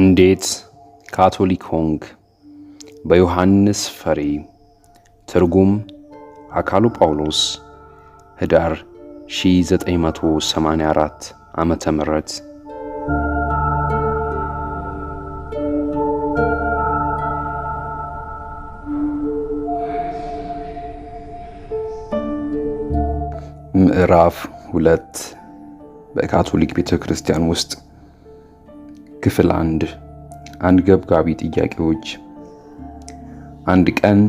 እንዴት ካቶሊክ ሆንክ? በዮሐንስ ፈሪ። ትርጉም አካሉ ጳውሎስ። ህዳር 1984 ዓ ም ምዕራፍ ሁለት በካቶሊክ ቤተ ክርስቲያን ውስጥ ክፍል አንድ አንገብጋቢ ጥያቄዎች። አንድ ቀን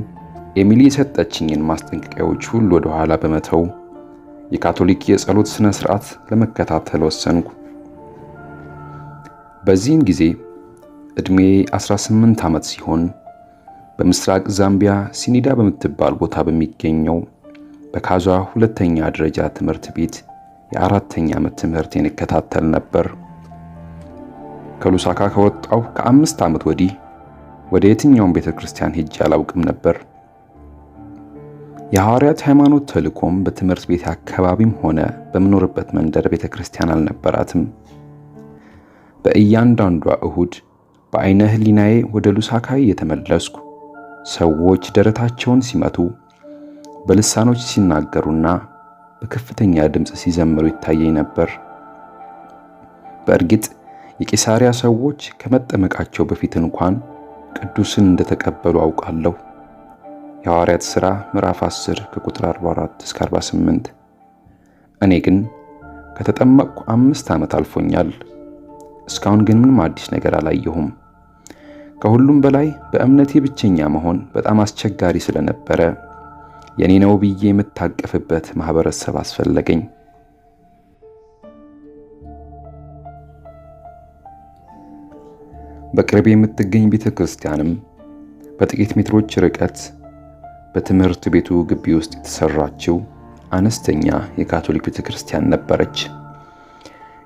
ኤሚሊ የሰጠችኝን ማስጠንቀቂያዎች ሁሉ ወደ ኋላ በመተው የካቶሊክ የጸሎት ስነ ስርዓት ለመከታተል ወሰንኩ። በዚህን ጊዜ እድሜ 18 ዓመት ሲሆን በምስራቅ ዛምቢያ ሲኒዳ በምትባል ቦታ በሚገኘው በካዛ ሁለተኛ ደረጃ ትምህርት ቤት የአራተኛ ዓመት ትምህርቴን እከታተል ነበር። ከሉሳካ ከወጣው ከአምስት ዓመት ወዲህ ወደ የትኛውም ቤተ ክርስቲያን ሄጄ አላውቅም ነበር። የሐዋርያት ሃይማኖት ተልእኮም በትምህርት ቤት አካባቢም ሆነ በምኖርበት መንደር ቤተ ክርስቲያን አልነበራትም። በእያንዳንዷ እሁድ በአይነ ህሊናዬ ወደ ሉሳካ እየተመለስኩ ሰዎች ደረታቸውን ሲመቱ በልሳኖች ሲናገሩና በከፍተኛ ድምፅ ሲዘምሩ ይታየኝ ነበር። በእርግጥ የቂሳሪያ ሰዎች ከመጠመቃቸው በፊት እንኳን ቅዱስን እንደተቀበሉ አውቃለሁ። የሐዋርያት ሥራ ምዕራፍ 10 ከቁጥር 44 እስከ 48። እኔ ግን ከተጠመቅኩ አምስት ዓመት አልፎኛል። እስካሁን ግን ምንም አዲስ ነገር አላየሁም። ከሁሉም በላይ በእምነቴ ብቸኛ መሆን በጣም አስቸጋሪ ስለነበረ የኔ ነው ብዬ የምታቀፍበት ማህበረሰብ አስፈለገኝ። በቅርብ የምትገኝ ቤተ ክርስቲያንም በጥቂት ሜትሮች ርቀት በትምህርት ቤቱ ግቢ ውስጥ የተሰራችው አነስተኛ የካቶሊክ ቤተ ክርስቲያን ነበረች።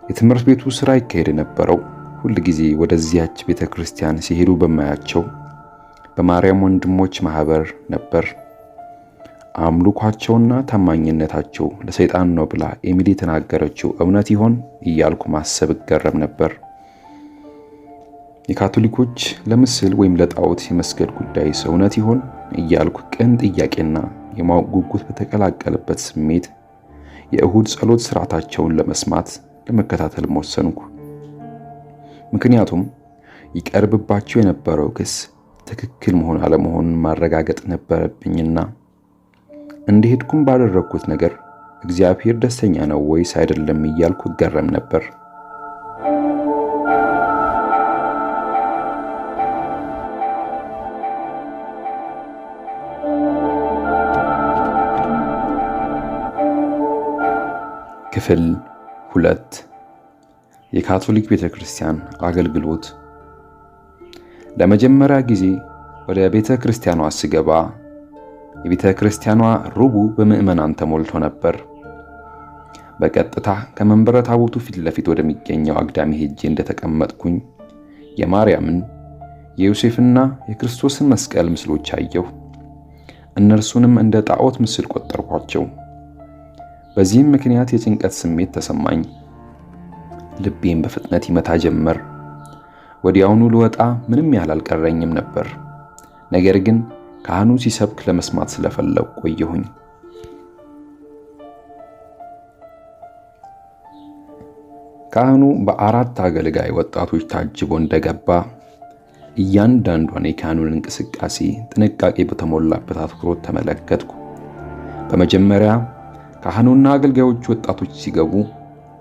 የትምህርት ቤቱ ስራ ይካሄድ የነበረው ሁል ጊዜ ወደዚያች ቤተ ክርስቲያን ሲሄዱ በማያቸው በማርያም ወንድሞች ማህበር ነበር። አምልኳቸውና ታማኝነታቸው ለሰይጣን ነው ብላ ኤሚሊ የተናገረችው እውነት ይሆን እያልኩ ማሰብ እገረም ነበር። የካቶሊኮች ለምስል ወይም ለጣዖት የመስገድ ጉዳይ ሰውነት ይሆን እያልኩ ቅን ጥያቄና የማወቅ ጉጉት በተቀላቀለበት ስሜት የእሁድ ጸሎት ስርዓታቸውን ለመስማት ለመከታተል መወሰንኩ። ምክንያቱም ይቀርብባቸው የነበረው ክስ ትክክል መሆን አለመሆኑን ማረጋገጥ ነበረብኝና እንደሄድኩም ባደረግኩት ነገር እግዚአብሔር ደስተኛ ነው ወይስ አይደለም እያልኩ እገረም ነበር። ክፍል ሁለት የካቶሊክ ቤተ ክርስቲያን አገልግሎት። ለመጀመሪያ ጊዜ ወደ ቤተ ክርስቲያኗ ስገባ የቤተ ክርስቲያኗ ሩቡ በምዕመናን ተሞልቶ ነበር። በቀጥታ ከመንበረ ታቦቱ ፊት ለፊት ወደሚገኘው አግዳሚ ሄጄ እንደተቀመጥኩኝ የማርያምን የዮሴፍና የክርስቶስን መስቀል ምስሎች አየሁ። እነርሱንም እንደ ጣዖት ምስል ቆጠርኳቸው። በዚህም ምክንያት የጭንቀት ስሜት ተሰማኝ። ልቤም በፍጥነት ይመታ ጀመር። ወዲያውኑ ልወጣ ምንም ያህል አልቀረኝም ነበር። ነገር ግን ካህኑ ሲሰብክ ለመስማት ስለፈለግ ቆየሁኝ። ካህኑ በአራት አገልጋይ ወጣቶች ታጅቦ እንደገባ እያንዳንዷን የካህኑን እንቅስቃሴ ጥንቃቄ በተሞላበት አትኩሮት ተመለከትኩ። በመጀመሪያ ካህኑና አገልጋዮቹ ወጣቶች ሲገቡ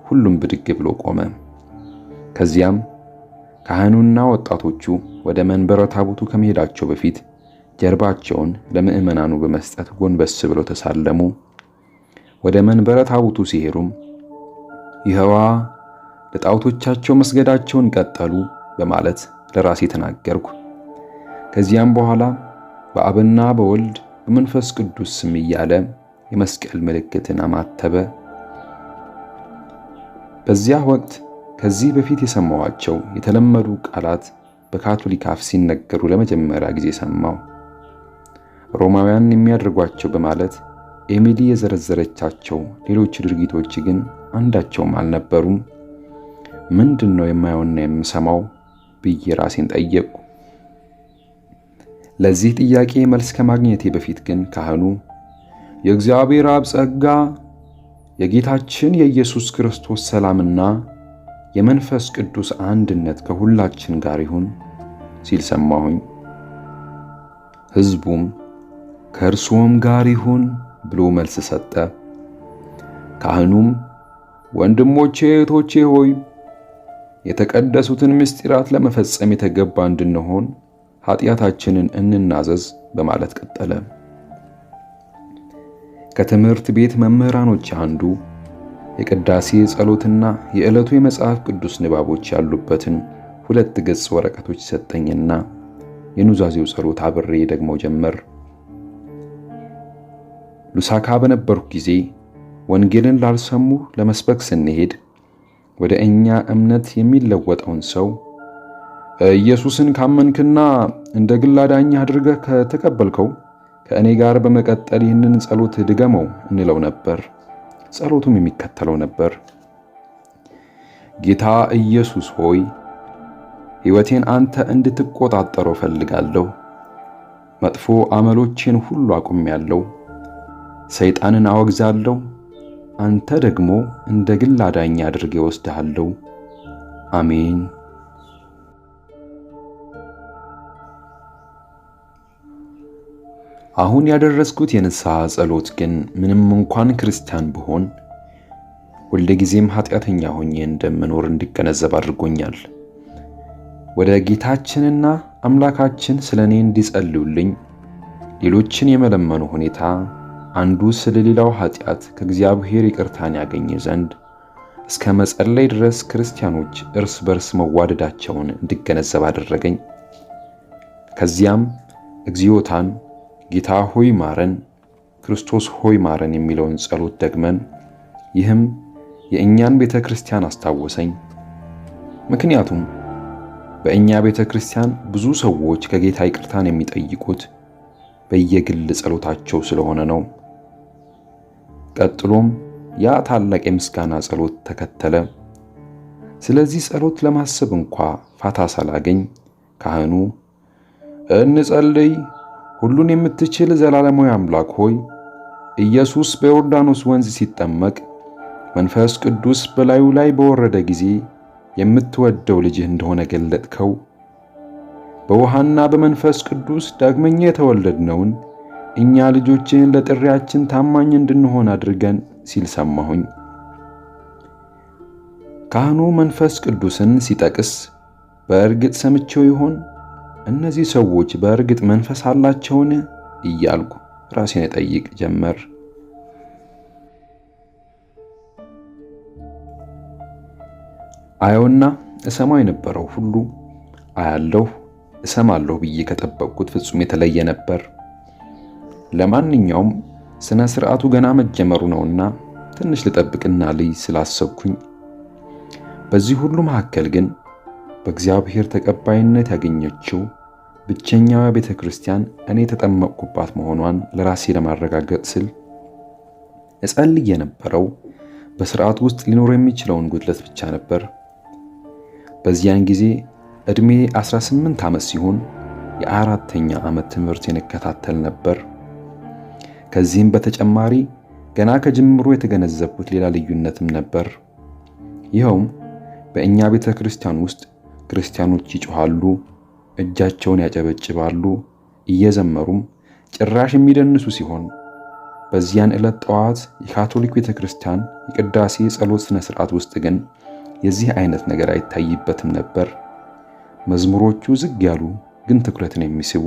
ሁሉም ብድግ ብሎ ቆመ። ከዚያም ካህኑና ወጣቶቹ ወደ መንበረ ታቦቱ ከመሄዳቸው በፊት ጀርባቸውን ለምእመናኑ በመስጠት ጎንበስ ብለው ተሳለሙ። ወደ መንበረ ታቦቱ ሲሄዱም ይኸዋ ለጣዖቶቻቸው መስገዳቸውን ቀጠሉ በማለት ለራሴ ተናገርኩ። ከዚያም በኋላ በአብና በወልድ በመንፈስ ቅዱስ ስም እያለ የመስቀል ምልክትን አማተበ። በዚያ ወቅት ከዚህ በፊት የሰማኋቸው የተለመዱ ቃላት በካቶሊክ አፍ ሲነገሩ ለመጀመሪያ ጊዜ ሰማው። ሮማውያን የሚያደርጓቸው በማለት ኤሚሊ የዘረዘረቻቸው ሌሎች ድርጊቶች ግን አንዳቸውም አልነበሩም። ምንድን ነው የማየውና የምሰማው ብዬ ራሴን ጠየቅኩ። ለዚህ ጥያቄ መልስ ከማግኘቴ በፊት ግን ካህኑ የእግዚአብሔር አብ ጸጋ የጌታችን የኢየሱስ ክርስቶስ ሰላምና የመንፈስ ቅዱስ አንድነት ከሁላችን ጋር ይሁን ሲል ሰማሁኝ። ሕዝቡም ከእርሶም ጋር ይሁን ብሎ መልስ ሰጠ። ካህኑም ወንድሞቼ እህቶቼ ሆይ የተቀደሱትን ምስጢራት ለመፈጸም የተገባ እንድንሆን ኃጢአታችንን እንናዘዝ በማለት ቀጠለ። ከትምህርት ቤት መምህራኖች አንዱ የቅዳሴ ጸሎትና የዕለቱ የመጽሐፍ ቅዱስ ንባቦች ያሉበትን ሁለት ገጽ ወረቀቶች ሰጠኝና የኑዛዜው ጸሎት አብሬ ደግሞ ጀመር። ሉሳካ በነበርኩ ጊዜ ወንጌልን ላልሰሙ ለመስበክ ስንሄድ ወደ እኛ እምነት የሚለወጠውን ሰው ኢየሱስን ካመንክና እንደ ግል አዳኝህ አድርገህ ከተቀበልከው ከእኔ ጋር በመቀጠል ይህንን ጸሎት ድገመው እንለው ነበር። ጸሎቱም የሚከተለው ነበር። ጌታ ኢየሱስ ሆይ ሕይወቴን አንተ እንድትቆጣጠረው ፈልጋለሁ መጥፎ አመሎቼን ሁሉ አቁሜያለሁ። ሰይጣንን አወግዛለሁ። አንተ ደግሞ እንደ ግል አዳኝ አድርጌ ወስድሃለሁ። አሜን። አሁን ያደረስኩት የንስሐ ጸሎት ግን ምንም እንኳን ክርስቲያን ብሆን ሁል ጊዜም ኃጢአተኛ ሆኜ እንደምኖር እንዲገነዘብ አድርጎኛል። ወደ ጌታችንና አምላካችን ስለ እኔ እንዲጸልዩልኝ ሌሎችን የመለመኑ ሁኔታ አንዱ ስለ ሌላው ኃጢአት ከእግዚአብሔር ይቅርታን ያገኘ ዘንድ እስከ መጸለይ ድረስ ክርስቲያኖች እርስ በርስ መዋደዳቸውን እንዲገነዘብ አደረገኝ። ከዚያም እግዚኦታን ጌታ ሆይ ማረን፣ ክርስቶስ ሆይ ማረን የሚለውን ጸሎት ደግመን፣ ይህም የእኛን ቤተ ክርስቲያን አስታወሰኝ። ምክንያቱም በእኛ ቤተ ክርስቲያን ብዙ ሰዎች ከጌታ ይቅርታን የሚጠይቁት በየግል ጸሎታቸው ስለሆነ ነው። ቀጥሎም ያ ታላቅ የምስጋና ጸሎት ተከተለ። ስለዚህ ጸሎት ለማሰብ እንኳ ፋታ ሳላገኝ ካህኑ እንጸልይ ሁሉን የምትችል ዘላለማዊ አምላክ ሆይ ኢየሱስ በዮርዳኖስ ወንዝ ሲጠመቅ መንፈስ ቅዱስ በላዩ ላይ በወረደ ጊዜ የምትወደው ልጅህ እንደሆነ ገለጥከው። በውሃና በመንፈስ ቅዱስ ዳግመኛ የተወለድነውን እኛ ልጆችን ለጥሪያችን ታማኝ እንድንሆን አድርገን ሲል ሰማሁኝ። ካህኑ መንፈስ ቅዱስን ሲጠቅስ በእርግጥ ሰምቼው ይሆን? እነዚህ ሰዎች በእርግጥ መንፈስ አላቸውን እያልኩ ራሴን እጠይቅ ጀመር። አየውና እሰማው የነበረው ሁሉ አያለሁ እሰማለሁ ብዬ ከጠበቅኩት ፍጹም የተለየ ነበር። ለማንኛውም ስነ ስርዓቱ ገና መጀመሩ ነውና ትንሽ ልጠብቅና ልይ ስላሰብኩኝ፣ በዚህ ሁሉ መካከል ግን በእግዚአብሔር ተቀባይነት ያገኘችው ብቸኛዋ ቤተ ክርስቲያን እኔ የተጠመቅኩባት መሆኗን ለራሴ ለማረጋገጥ ስል እጸልይ የነበረው በስርዓት ውስጥ ሊኖር የሚችለውን ጉድለት ብቻ ነበር። በዚያን ጊዜ ዕድሜ 18 ዓመት ሲሆን የአራተኛ ዓመት ትምህርት የንከታተል ነበር። ከዚህም በተጨማሪ ገና ከጅምሮ የተገነዘብኩት ሌላ ልዩነትም ነበር። ይኸውም በእኛ ቤተ ክርስቲያን ውስጥ ክርስቲያኖች ይጮኻሉ እጃቸውን ያጨበጭባሉ፣ እየዘመሩም ጭራሽ የሚደንሱ ሲሆን በዚያን ዕለት ጠዋት የካቶሊክ ቤተ ክርስቲያን የቅዳሴ ጸሎት ሥነ ሥርዓት ውስጥ ግን የዚህ አይነት ነገር አይታይበትም ነበር። መዝሙሮቹ ዝግ ያሉ ግን ትኩረትን የሚስቡ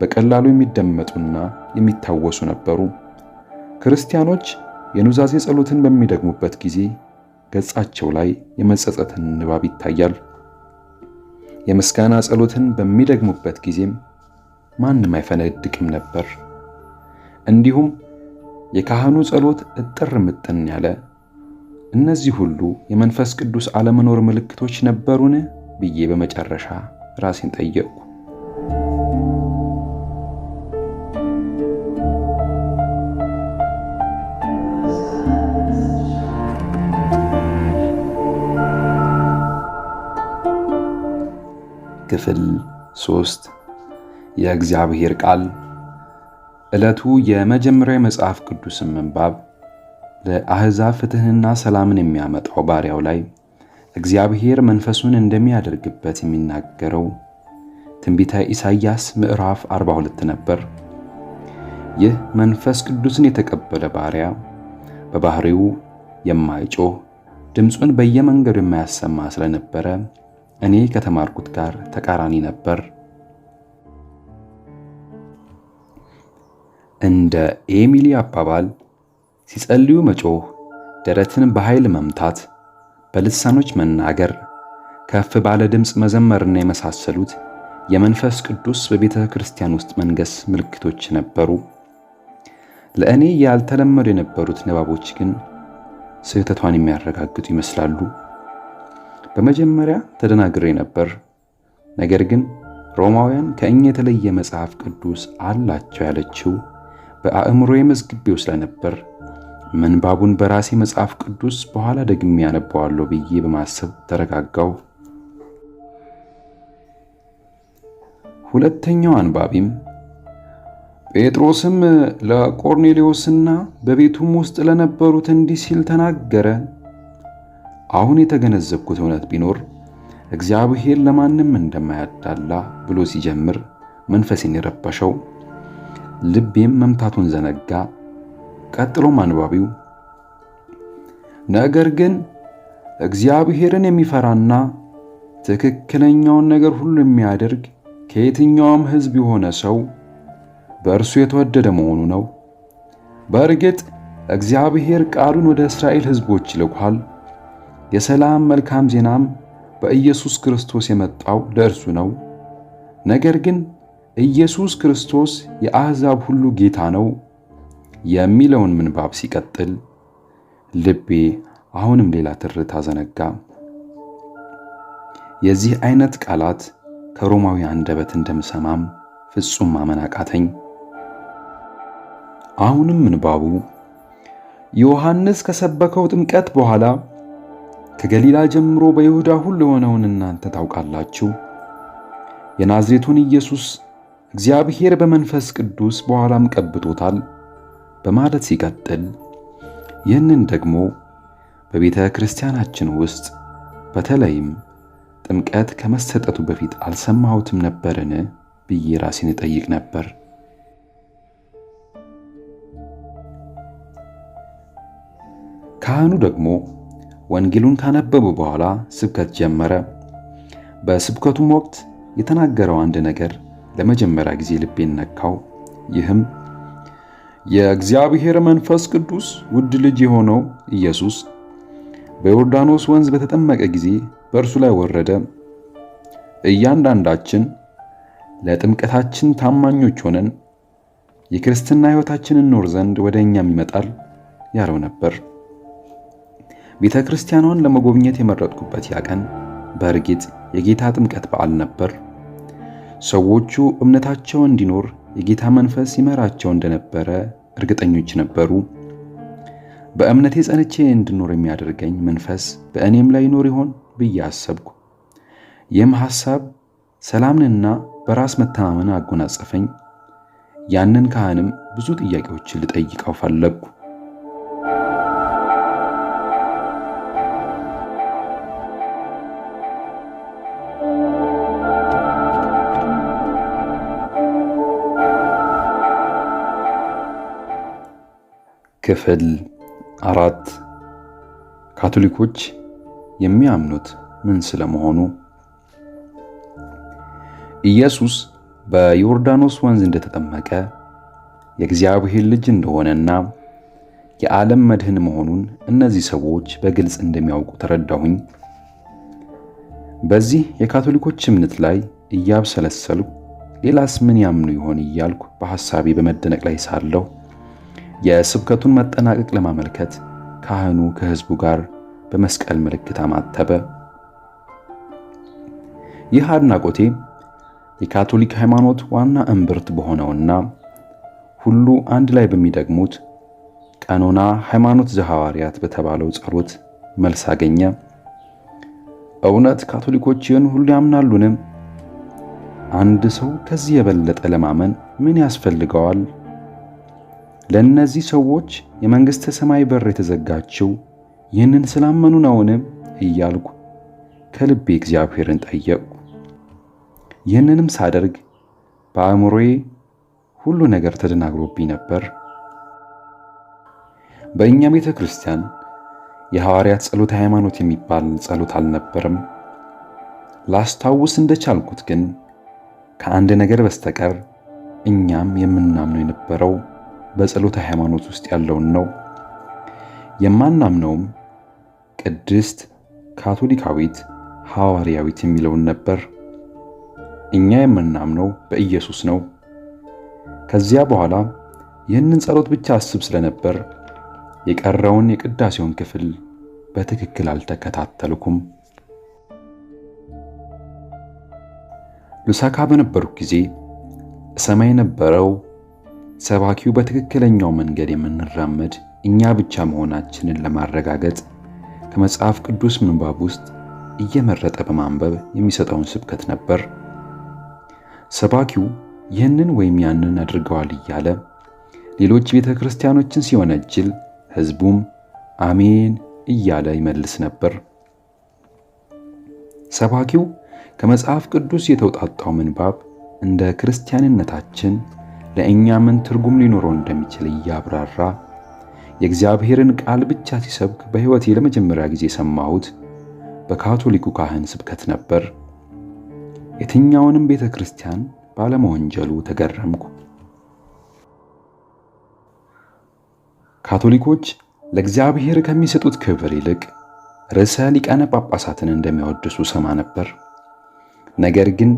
በቀላሉ የሚደመጡና የሚታወሱ ነበሩ። ክርስቲያኖች የኑዛዜ ጸሎትን በሚደግሙበት ጊዜ ገጻቸው ላይ የመጸጸትን ንባብ ይታያል። የምስጋና ጸሎትን በሚደግሙበት ጊዜም ማንም አይፈነድቅም ነበር። እንዲሁም የካህኑ ጸሎት እጥር ምጥን ያለ። እነዚህ ሁሉ የመንፈስ ቅዱስ አለመኖር ምልክቶች ነበሩን ብዬ በመጨረሻ ራሴን ጠየቅኩ። ክፍል ሶስት የእግዚአብሔር ቃል ዕለቱ የመጀመሪያው መጽሐፍ ቅዱስ ምንባብ ለአሕዛብ ፍትሕንና ሰላምን የሚያመጣው ባሪያው ላይ እግዚአብሔር መንፈሱን እንደሚያደርግበት የሚናገረው ትንቢተ ኢሳይያስ ምዕራፍ 42 ነበር። ይህ መንፈስ ቅዱስን የተቀበለ ባሪያ በባህሪው የማይጮህ ድምፁን በየመንገዱ የማያሰማ ስለነበረ እኔ ከተማርኩት ጋር ተቃራኒ ነበር። እንደ ኤሚሊ አባባል ሲጸልዩ መጮህ፣ ደረትን በኃይል መምታት፣ በልሳኖች መናገር፣ ከፍ ባለ ድምፅ መዘመርና የመሳሰሉት የመንፈስ ቅዱስ በቤተ ክርስቲያን ውስጥ መንገስ ምልክቶች ነበሩ። ለእኔ ያልተለመዱ የነበሩት ንባቦች ግን ስህተቷን የሚያረጋግጡ ይመስላሉ። በመጀመሪያ ተደናግሬ ነበር። ነገር ግን ሮማውያን ከእኛ የተለየ መጽሐፍ ቅዱስ አላቸው ያለችው በአእምሮ የመዝግቤው ስለነበር ምንባቡን በራሴ መጽሐፍ ቅዱስ በኋላ ደግሜ ያነባዋለሁ ብዬ በማሰብ ተረጋጋው። ሁለተኛው አንባቢም ጴጥሮስም ለቆርኔሌዎስና በቤቱም ውስጥ ለነበሩት እንዲህ ሲል ተናገረ። አሁን የተገነዘብኩት እውነት ቢኖር እግዚአብሔር ለማንም እንደማያዳላ ብሎ ሲጀምር መንፈሴን የረበሸው ልቤም መምታቱን ዘነጋ። ቀጥሎም አንባቢው ነገር ግን እግዚአብሔርን የሚፈራና ትክክለኛውን ነገር ሁሉ የሚያደርግ ከየትኛውም ሕዝብ የሆነ ሰው በእርሱ የተወደደ መሆኑ ነው። በእርግጥ እግዚአብሔር ቃሉን ወደ እስራኤል ሕዝቦች ይልኳል። የሰላም መልካም ዜናም በኢየሱስ ክርስቶስ የመጣው ለእርሱ ነው። ነገር ግን ኢየሱስ ክርስቶስ የአሕዛብ ሁሉ ጌታ ነው የሚለውን ምንባብ ሲቀጥል ልቤ አሁንም ሌላ ትርታ ዘነጋ። የዚህ አይነት ቃላት ከሮማዊ አንደበት እንደምሰማም ፍጹም ማመን አቃተኝ። አሁንም ምንባቡ ዮሐንስ ከሰበከው ጥምቀት በኋላ ከገሊላ ጀምሮ በይሁዳ ሁሉ የሆነውን እናንተ ታውቃላችሁ። የናዝሬቱን ኢየሱስ እግዚአብሔር በመንፈስ ቅዱስ በኋላም ቀብቶታል በማለት ሲቀጥል ይህንን ደግሞ በቤተ ክርስቲያናችን ውስጥ በተለይም ጥምቀት ከመሰጠቱ በፊት አልሰማሁትም ነበርን ብዬ ራሴን እጠይቅ ነበር። ካህኑ ደግሞ ወንጌሉን ካነበቡ በኋላ ስብከት ጀመረ። በስብከቱም ወቅት የተናገረው አንድ ነገር ለመጀመሪያ ጊዜ ልቤን ነካው። ይህም የእግዚአብሔር መንፈስ ቅዱስ ውድ ልጅ የሆነው ኢየሱስ በዮርዳኖስ ወንዝ በተጠመቀ ጊዜ በእርሱ ላይ ወረደ። እያንዳንዳችን ለጥምቀታችን ታማኞች ሆነን የክርስትና ሕይወታችንን ኖር ዘንድ ወደ እኛም ይመጣል ያለው ነበር። ቤተ ክርስቲያኗን ለመጎብኘት የመረጥኩበት ያ ቀን በእርግጥ የጌታ ጥምቀት በዓል ነበር። ሰዎቹ እምነታቸው እንዲኖር የጌታ መንፈስ ይመራቸው እንደነበረ እርግጠኞች ነበሩ። በእምነቴ ጸንቼ እንድኖር የሚያደርገኝ መንፈስ በእኔም ላይ ይኖር ይሆን ብዬ አሰብኩ። ይህም ሐሳብ ሰላምንና በራስ መተማመን አጎናጸፈኝ። ያንን ካህንም ብዙ ጥያቄዎችን ልጠይቀው ፈለግኩ። ክፍል አራት ካቶሊኮች የሚያምኑት ምን ስለመሆኑ። ኢየሱስ በዮርዳኖስ ወንዝ እንደተጠመቀ የእግዚአብሔር ልጅ እንደሆነና የዓለም መድህን መሆኑን እነዚህ ሰዎች በግልጽ እንደሚያውቁ ተረዳሁኝ። በዚህ የካቶሊኮች እምነት ላይ እያብሰለሰልኩ ሌላስ ምን ያምኑ ይሆን እያልኩ በሐሳቤ በመደነቅ ላይ ሳለሁ የስብከቱን መጠናቀቅ ለማመልከት ካህኑ ከሕዝቡ ጋር በመስቀል ምልክት አማተበ። ይህ አድናቆቴ የካቶሊክ ሃይማኖት ዋና እምብርት በሆነውና ሁሉ አንድ ላይ በሚደግሙት ቀኖና ሃይማኖት ዘሐዋርያት በተባለው ጸሎት መልስ አገኘ። እውነት ካቶሊኮች ይህን ሁሉ ያምናሉንም? አንድ ሰው ከዚህ የበለጠ ለማመን ምን ያስፈልገዋል? ለእነዚህ ሰዎች የመንግሥተ ሰማይ በር የተዘጋችው ይህንን ስላመኑ ነውን? እያልኩ ከልቤ እግዚአብሔርን ጠየቅኩ። ይህንንም ሳደርግ በአእምሮዬ ሁሉ ነገር ተደናግሮብኝ ነበር። በእኛ ቤተ ክርስቲያን የሐዋርያት ጸሎት ሃይማኖት የሚባል ጸሎት አልነበርም። ላስታውስ እንደቻልኩት ግን ከአንድ ነገር በስተቀር እኛም የምናምነው የነበረው በጸሎተ ሃይማኖት ውስጥ ያለውን ነው። የማናምነውም ቅድስት ካቶሊካዊት ሐዋርያዊት የሚለውን ነበር። እኛ የምናምነው በኢየሱስ ነው። ከዚያ በኋላ ይህንን ጸሎት ብቻ አስብ ስለነበር የቀረውን የቅዳሴውን ክፍል በትክክል አልተከታተልኩም። ሉሳካ በነበሩት ጊዜ እሰማ የነበረው ሰባኪው በትክክለኛው መንገድ የምንራመድ እኛ ብቻ መሆናችንን ለማረጋገጥ ከመጽሐፍ ቅዱስ ምንባብ ውስጥ እየመረጠ በማንበብ የሚሰጠውን ስብከት ነበር። ሰባኪው ይህንን ወይም ያንን አድርገዋል እያለ ሌሎች ቤተ ክርስቲያኖችን ሲወነጅል፣ ሕዝቡም አሜን እያለ ይመልስ ነበር። ሰባኪው ከመጽሐፍ ቅዱስ የተውጣጣው ምንባብ እንደ ክርስቲያንነታችን ለእኛ ምን ትርጉም ሊኖረው እንደሚችል እያብራራ የእግዚአብሔርን ቃል ብቻ ሲሰብክ በሕይወቴ ለመጀመሪያ ጊዜ የሰማሁት በካቶሊኩ ካህን ስብከት ነበር። የትኛውንም ቤተ ክርስቲያን ባለመወንጀሉ ተገረምኩ። ካቶሊኮች ለእግዚአብሔር ከሚሰጡት ክብር ይልቅ ርዕሰ ሊቃነ ጳጳሳትን እንደሚያወድሱ ሰማ ነበር። ነገር ግን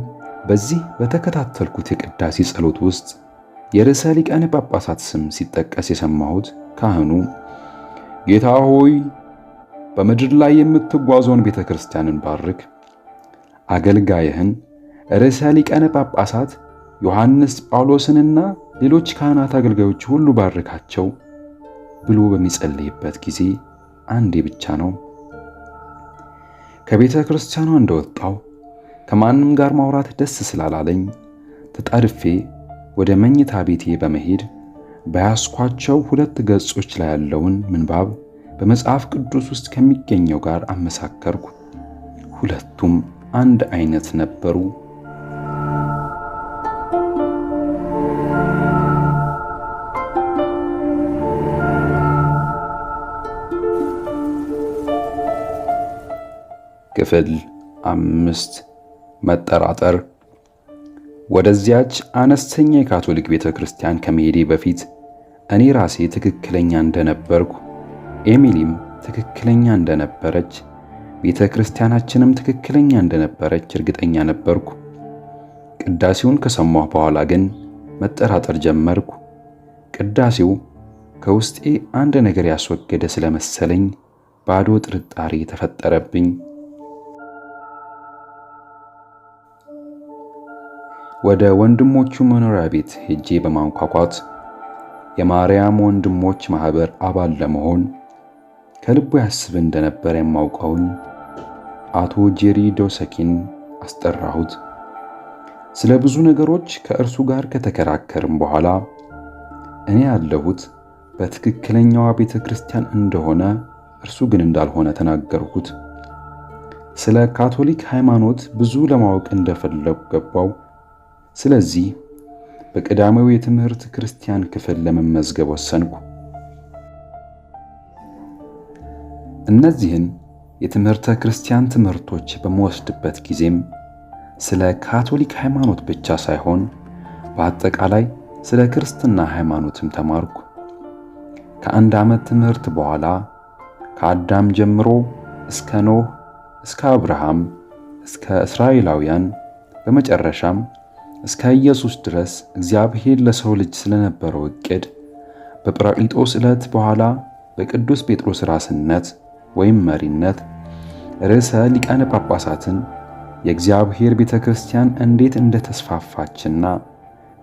በዚህ በተከታተልኩት የቅዳሴ ጸሎት ውስጥ የርዕሰ ሊቃነ ጳጳሳት ስም ሲጠቀስ የሰማሁት ካህኑ ጌታ ሆይ በምድር ላይ የምትጓዘውን ቤተ ክርስቲያንን ባርክ፣ አገልጋይህን ርዕሰ ሊቃነ ጳጳሳት ዮሐንስ ጳውሎስንና ሌሎች ካህናት አገልጋዮች ሁሉ ባርካቸው ብሎ በሚጸልይበት ጊዜ አንዴ ብቻ ነው። ከቤተ ክርስቲያኗ እንደወጣው ከማንም ጋር ማውራት ደስ ስላላለኝ ተጣድፌ ወደ መኝታ ቤቴ በመሄድ በያስኳቸው ሁለት ገጾች ላይ ያለውን ምንባብ በመጽሐፍ ቅዱስ ውስጥ ከሚገኘው ጋር አመሳከርኩ። ሁለቱም አንድ አይነት ነበሩ። ክፍል አምስት መጠራጠር ወደዚያች አነስተኛ የካቶሊክ ቤተ ክርስቲያን ከመሄዴ በፊት እኔ ራሴ ትክክለኛ እንደነበርኩ፣ ኤሚሊም ትክክለኛ እንደነበረች፣ ቤተ ክርስቲያናችንም ትክክለኛ እንደነበረች እርግጠኛ ነበርኩ። ቅዳሴውን ከሰማሁ በኋላ ግን መጠራጠር ጀመርኩ። ቅዳሴው ከውስጤ አንድ ነገር ያስወገደ ስለመሰለኝ ባዶ ጥርጣሬ ተፈጠረብኝ። ወደ ወንድሞቹ መኖሪያ ቤት ሄጄ በማንኳኳት የማርያም ወንድሞች ማኅበር አባል ለመሆን ከልቡ ያስብ እንደነበር የማውቀውን አቶ ጄሪ ዶሰኪን አስጠራሁት። ስለ ብዙ ነገሮች ከእርሱ ጋር ከተከራከርም በኋላ እኔ ያለሁት በትክክለኛዋ ቤተ ክርስቲያን እንደሆነ እርሱ ግን እንዳልሆነ ተናገርኩት። ስለ ካቶሊክ ሃይማኖት ብዙ ለማወቅ እንደፈለጉ ገባው። ስለዚህ በቀዳሚው የትምህርት ክርስቲያን ክፍል ለመመዝገብ ወሰንኩ። እነዚህን የትምህርተ ክርስቲያን ትምህርቶች በመወስድበት ጊዜም ስለ ካቶሊክ ሃይማኖት ብቻ ሳይሆን በአጠቃላይ ስለ ክርስትና ሃይማኖትም ተማርኩ። ከአንድ ዓመት ትምህርት በኋላ ከአዳም ጀምሮ እስከ ኖህ፣ እስከ አብርሃም፣ እስከ እስራኤላውያን በመጨረሻም እስከ ኢየሱስ ድረስ እግዚአብሔር ለሰው ልጅ ስለነበረው እቅድ በጰራቅሊጦስ ዕለት በኋላ በቅዱስ ጴጥሮስ ራስነት ወይም መሪነት ርዕሰ ሊቃነ ጳጳሳትን የእግዚአብሔር ቤተ ክርስቲያን እንዴት እንደተስፋፋችና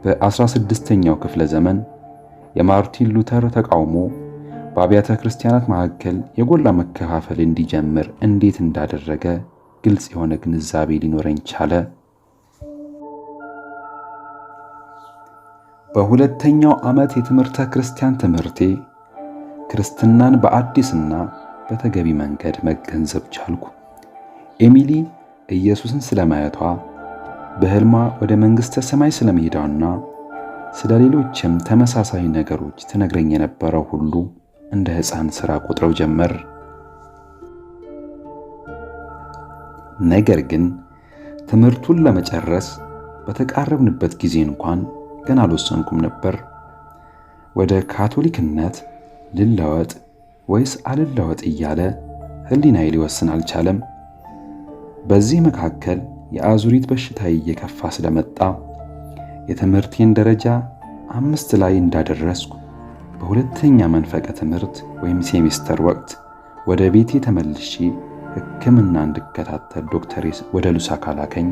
በ16ኛው ክፍለ ዘመን የማርቲን ሉተር ተቃውሞ በአብያተ ክርስቲያናት መካከል የጎላ መከፋፈል እንዲጀምር እንዴት እንዳደረገ ግልጽ የሆነ ግንዛቤ ሊኖረኝ ቻለ። በሁለተኛው ዓመት የትምህርተ ክርስቲያን ትምህርቴ ክርስትናን በአዲስና በተገቢ መንገድ መገንዘብ ቻልኩ። ኤሚሊ ኢየሱስን ስለማየቷ በሕልሟ ወደ መንግሥተ ሰማይ ስለመሄዷና ስለ ሌሎችም ተመሳሳይ ነገሮች ትነግረኝ የነበረው ሁሉ እንደ ሕፃን ሥራ ቆጥረው ጀመር። ነገር ግን ትምህርቱን ለመጨረስ በተቃረብንበት ጊዜ እንኳን ገና አልወሰንኩም ነበር። ወደ ካቶሊክነት ልለወጥ ወይስ አልለወጥ እያለ ህሊናዬ ሊወስን አልቻለም። በዚህ መካከል የአዙሪት በሽታዬ እየከፋ ስለመጣ የትምህርቴን ደረጃ አምስት ላይ እንዳደረስኩ በሁለተኛ መንፈቀ ትምህርት ወይም ሴሚስተር ወቅት ወደ ቤቴ ተመልሼ ሕክምና እንድከታተል ዶክተሬ ወደ ሉሳካ ላከኝ።